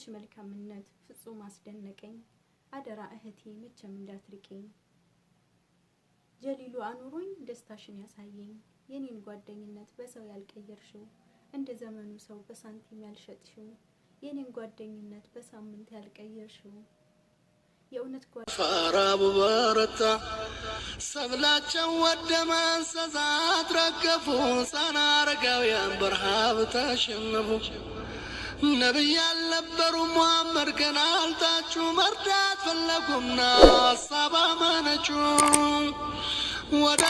ያንቺ መልካምነት ፍጹም አስደነቀኝ። አደራ እህቴ መቼም እንዳትርቂኝ። ጀሊሉ አኑሮኝ ደስታሽን ያሳየኝ። የኔን ጓደኝነት በሰው ያልቀየርሽው እንደ ዘመኑ ሰው በሳንቲም ያልሸጥሽው የኔን ጓደኝነት በሳምንት ያልቀየርሽው የእውነት ጓራቡ በረታ ሰብላቸው ወደ ማንሰዛት ረገፉ ሕፃን አረጋውያን በረሃብ ተሸነፉ። ነቢይ ያልነበሩ ሙሐመድ ገና አልታችሁ መርዳት ፈለጉና ሀሳብ አመነጩ። ወደ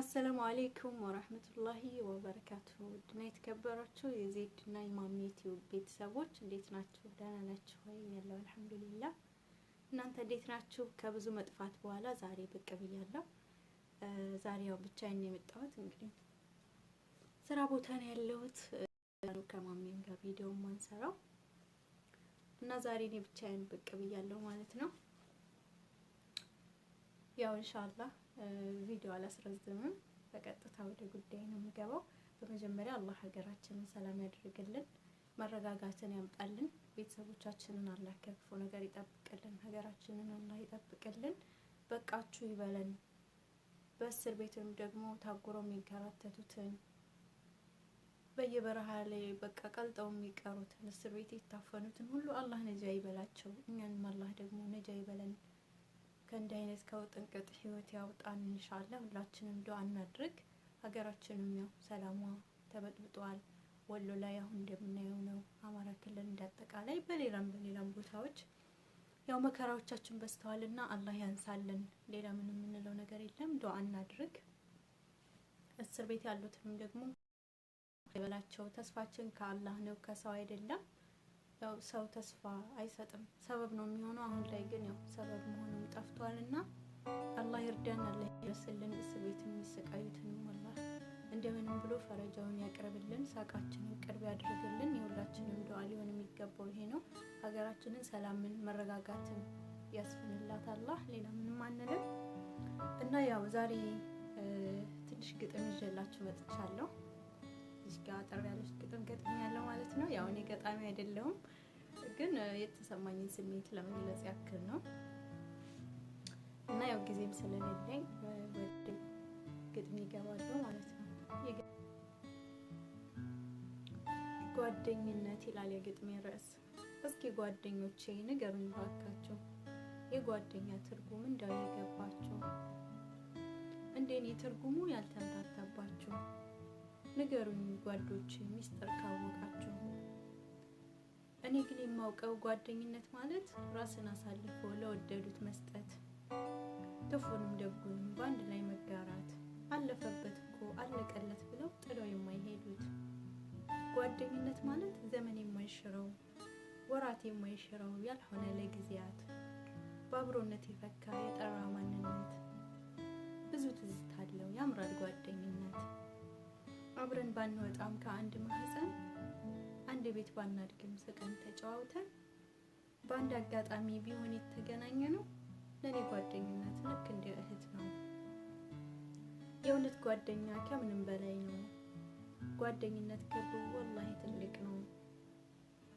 አሰላሙ አሌይኩም ወረህመቱላሂ ወበረካቱ። ውድና የተከበራችሁ የዜድና የማሜት ቤተሰቦች እንዴት ናችሁ? ደህና ናችሁ ወይ? ያለው አልሐምዱሊላህ። እናንተ እንዴት ናችሁ? ከብዙ መጥፋት በኋላ ዛሬ ብቅ ብያለሁ። ዛሬ ያው ብቻዬን የመጣሁት እንግዲህ ስራ ቦታ ነው ያለሁት ከማሜም ጋር ቪዲዮ ማንሰራው እና ዛሬ እኔ ብቻዬን ብቅ ብያለሁ ማለት ነው። ያው ኢንሻአላህ ቪዲዮ አላስረዝምም፣ በቀጥታ ወደ ጉዳይ ነው የሚገባው። በመጀመሪያ አላህ ሀገራችንን ሰላም ያድርግልን፣ መረጋጋትን ያምጣልን፣ ቤተሰቦቻችንን አላህ ከክፉ ነገር ይጠብቅልን፣ ሀገራችንን አላህ ይጠብቅልን። በቃችሁ ይበለን። በእስር ቤት ወይም ደግሞ ታጉረው የሚንከራተቱትን በየበረሃ ላይ በቃ ቀልጠው የሚቀሩትን እስር ቤት የታፈኑትን ሁሉ አላህ ነጃ ይበላቸው። እኛንም አላህ ደግሞ ነጃ ይበለን። ከእንዲህ አይነት ከውጥንቅጥ ህይወት ያውጣን። እንሻለን ሁላችንም ዱዓ እናድርግ። ሀገራችንም ያው ሰላሟ ተበጥብጧል። ወሎ ላይ አሁን እንደምናየው ነው። አማራ ክልል እንዳጠቃላይ በሌላም በሌላም ቦታዎች ያው መከራዎቻችን በዝተዋልና አላህ ያንሳልን። ሌላ ምን የምንለው ነገር የለም። ዱዓ እናድርግ። እስር ቤት ያሉትንም ደግሞ ይበላቸው። ተስፋችን ከአላህ ነው፣ ከሰው አይደለም። ያው ሰው ተስፋ አይሰጥም፣ ሰበብ ነው የሚሆነው። አሁን ላይ ግን ያው ሰበብ መሆኑም ጠፍቷልና አላህ ይርዳን፣ አላህ ይደርስልን። እስር ቤት የሚሰቃዩትን ወላሂ እንደምንም ብሎ ፈረጃውን ያቅርብልን፣ ሳቃችንን ቅርብ ያድርግልን። የሁላችንም ዱዓ ሊሆን የሚገባው ይሄ ነው። ሀገራችንን ሰላምን መረጋጋትን ያስፍንላት አላህ። ሌላ ምንም አንልም እና ያው ዛሬ ትንሽ ግጥም ይዤላችሁ መጥቻለሁ። እዚህ ጋር አጠር ያለች ግጥም ገጥም ያለው ማለት ነው። ያው እኔ ገጣሚ አይደለሁም፣ ግን የተሰማኝን ስሜት ለመግለጽ ያክል ነው እና ያው ጊዜም ስለሌለኝ ወደ ግጥም ይገባሉ ማለት ነው። ጓደኝነት ይላል የግጥሜ ርዕስ። እስኪ ጓደኞቼ ንገሩኝ ባካችሁ የጓደኛ ትርጉም እንዳው የገባችሁ እንደኔ ትርጉሙ ያልተምታታባችሁ ንገሩኝ ጓዶች ሚስጥር ካወቃችሁ። እኔ ግን የማውቀው ጓደኝነት ማለት ራስን አሳልፎ ለወደዱት መስጠት፣ ክፉንም ደጉንም በአንድ ላይ መጋራት አለፈበት እኮ አለቀለት ብለው ጥለው የማይሄዱት ጓደኝነት ማለት ዘመን የማይሽረው ወራት የማይሽረው ያልሆነ ለጊዜያት በአብሮነት የፈካ የጠራ ማንነት ብዙ ትዝታ አለው ያምራል ጓደኝነት። አብረን ባንወጣም ከአንድ ማህፀን አንድ ቤት ባናድግም ስቀን ተጨዋውተን በአንድ አጋጣሚ ቢሆን የተገናኘ ነው። ለእኔ ጓደኝነት ልክ እንደ እህት ነው። የእውነት ጓደኛ ከምንም በላይ ነው። ጓደኝነት ክብሩ ወላሂ ትልቅ ነው።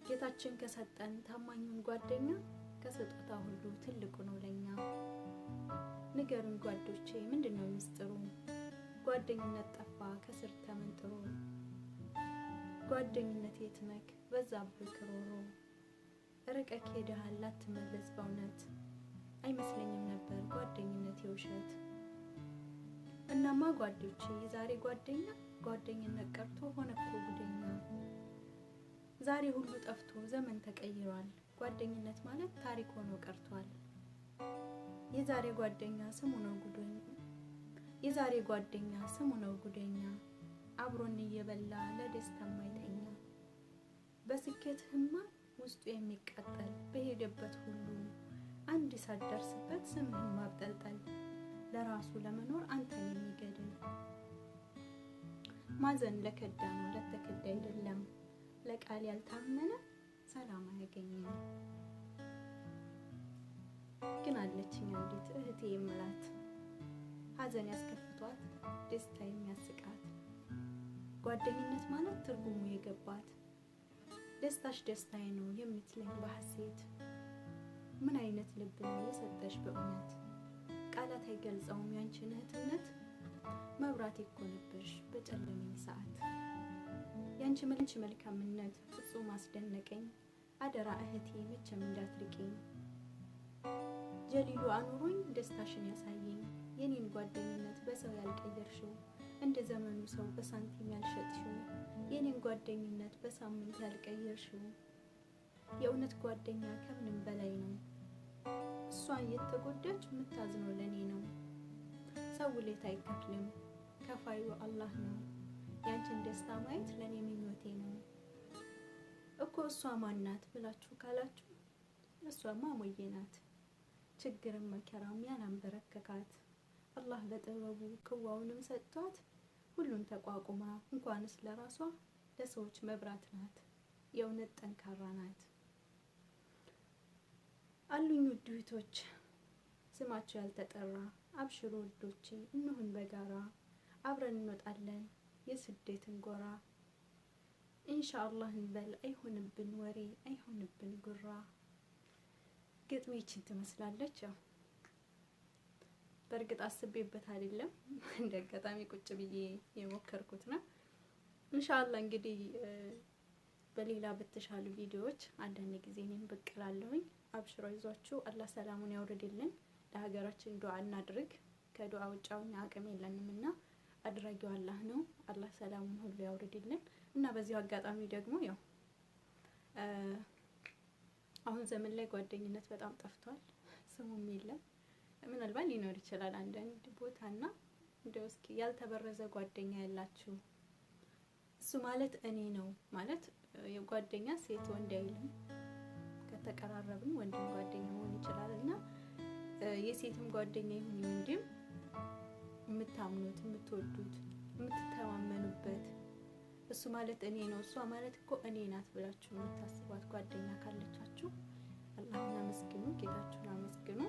ጌታችን ከሰጠን ታማኙን ጓደኛ ከስጦታ ሁሉ ትልቁ ነው ለኛ። ንገሩን ጓዶቼ፣ ምንድን ነው ጓደኝነት ጠፋ ከስር ተመንጥሮ። ጓደኝነት የትመክ በዛ ክሮሮ። ርቀክ ሄደሃል ላትመለስ በእውነት አይመስለኝም ነበር ጓደኝነት የውሸት እናማ ጓዶቼ የዛሬ ጓደኛ ጓደኝነት ቀርቶ ሆነ እኮ ጉደኛ። ዛሬ ሁሉ ጠፍቶ ዘመን ተቀይሯል። ጓደኝነት ማለት ታሪክ ሆኖ ቀርቷል። የዛሬ ጓደኛ ስሙ ነው ጉደኛ። የዛሬ ጓደኛ ስሙ ነው ጉደኛ። አብሮን እየበላ ለደስታ ማይተኛ በስኬት ህማ ውስጡ የሚቃጠል በሄደበት ሁሉ አንድ ሳትደርስበት ስምህን ማብጠልጠል ለራሱ ለመኖር አንተን የሚገድል ማዘን ለከዳ ነው ለተከዳ አይደለም። ለቃል ያልታመነ ሰላም አያገኝም። ግን አለችኝ አንዲት እህቴ የምላት ሐዘን ያስከፍቷት ደስታ የሚያስቃት ጓደኝነት ማለት ትርጉሙ የገባት ደስታሽ ደስታዬ ነው የምትለኝ በሐሴት ምን አይነት ልብ ነው የሰጠሽ በእውነት ቃላት አይገልጸውም ያንቺን እህትነት መብራት ይኮንብሽ በጨለመኝ ሰዓት ያንቺ መልንች መልካምነት ፍጹም አስደነቀኝ። አደራ እህቴ መቼም እንዳትርቂኝ። ጀሊሉ አኑሮኝ ደስታሽን ያሳየኝ የኔን ጓደኝነት በሰው ያልቀየርሽው እንደ ዘመኑ ሰው በሳንቲም ያልሸጥሽው የኔን ጓደኝነት በሳምንት ያልቀየርሽው የእውነት ጓደኛ ከምንም በላይ ነው። እሷ እየተጎዳች የምታዝነው ለእኔ ነው። ሰው ሌት አይከፍልም፣ ከፋዩ አላህ ነው። ያንቺን ደስታ ማየት ለእኔ ምኞቴ ነው። እኮ እሷ ማናት ብላችሁ ካላችሁ እሷማ ሞዬ ናት። ችግርም መከራም ያላንበረከካት አላህ በጥበቡ ክዋውንም ሰጥቷት ሁሉን ተቋቁማ እንኳንስ ለራሷ ለሰዎች መብራት ናት። የእውነት ጠንካራ ናት። አሉኝ ውድ እህቶች፣ ስማቸው ያልተጠራ አብሽሮ ውዶቼ፣ እንሁን በጋራ አብረን እንወጣለን የስደትን ጎራ። ኢንሻአላህ እንበል አይሆንብን ወሬ አይሆንብን ጉራ። ግጥሜ ይችን ትመስላለች። ያው በእርግጥ አስቤበት አይደለም፣ እንደ አጋጣሚ ቁጭ ብዬ የሞከርኩት ነው። ኢንሻአላህ እንግዲህ በሌላ በተሻሉ ቪዲዮዎች አንዳንድ ጊዜ እኔም ብቅ እላለሁኝ። አብሽሮ ይዟችሁ አላህ ሰላሙን ያውርድልን። ለሀገራችን ዱዓ እናድርግ። ከዱዓ ውጭ አሁን አቅም የለንም እና አድራጊው አላህ ነው። አላህ ሰላሙን ሁሉ ያውርድልን እና በዚሁ አጋጣሚ ደግሞ ያው አሁን ዘመን ላይ ጓደኝነት በጣም ጠፍቷል። ስሙም የለም ምናልባት ሊኖር ይችላል አንዳንድ ቦታ እና እንደው እስኪ ያልተበረዘ ጓደኛ ያላችሁ እሱ ማለት እኔ ነው ማለት ጓደኛ ሴት ወንድ አይልም። ተቀራረብን፣ ወንድም ጓደኛ መሆን ይችላል እና የሴትም ጓደኛ ይሁን ወንድም የምታምኑት የምትወዱት የምትተማመኑበት እሱ ማለት እኔ ነው እሷ ማለት እኮ እኔ ናት ብላችሁ የምታስቧት ጓደኛ ካለቻችሁ አላህን አመስግኑ፣ ጌታችሁን አመስግኑ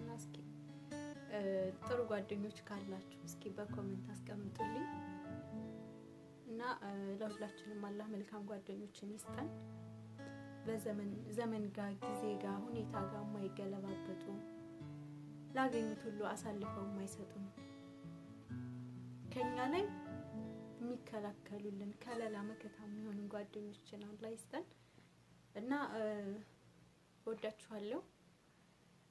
እና እስኪ ጥሩ ጓደኞች ካላችሁ እስኪ በኮሜንት አስቀምጡልኝ እና ለሁላችንም አላህ መልካም ጓደኞችን ይስጠን። በዘመን ጋር ጊዜ ጋር ሁኔታ ጋር የማይገለባበጡ ላገኙት ሁሉ አሳልፈው የማይሰጡን ከኛ ላይ የሚከላከሉልን ከለላ መከታ የሚሆኑ ጓደኞችን አላህ ይስጠን እና ወዳችኋለሁ።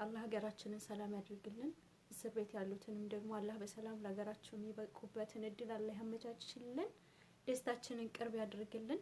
አላህ ሀገራችንን ሰላም ያድርግልን። እስር ቤት ያሉትንም ደግሞ አላህ በሰላም ለሀገራቸው የሚበቁበትን እድል አላህ ያመቻችልን። ደስታችንን ቅርብ ያድርግልን።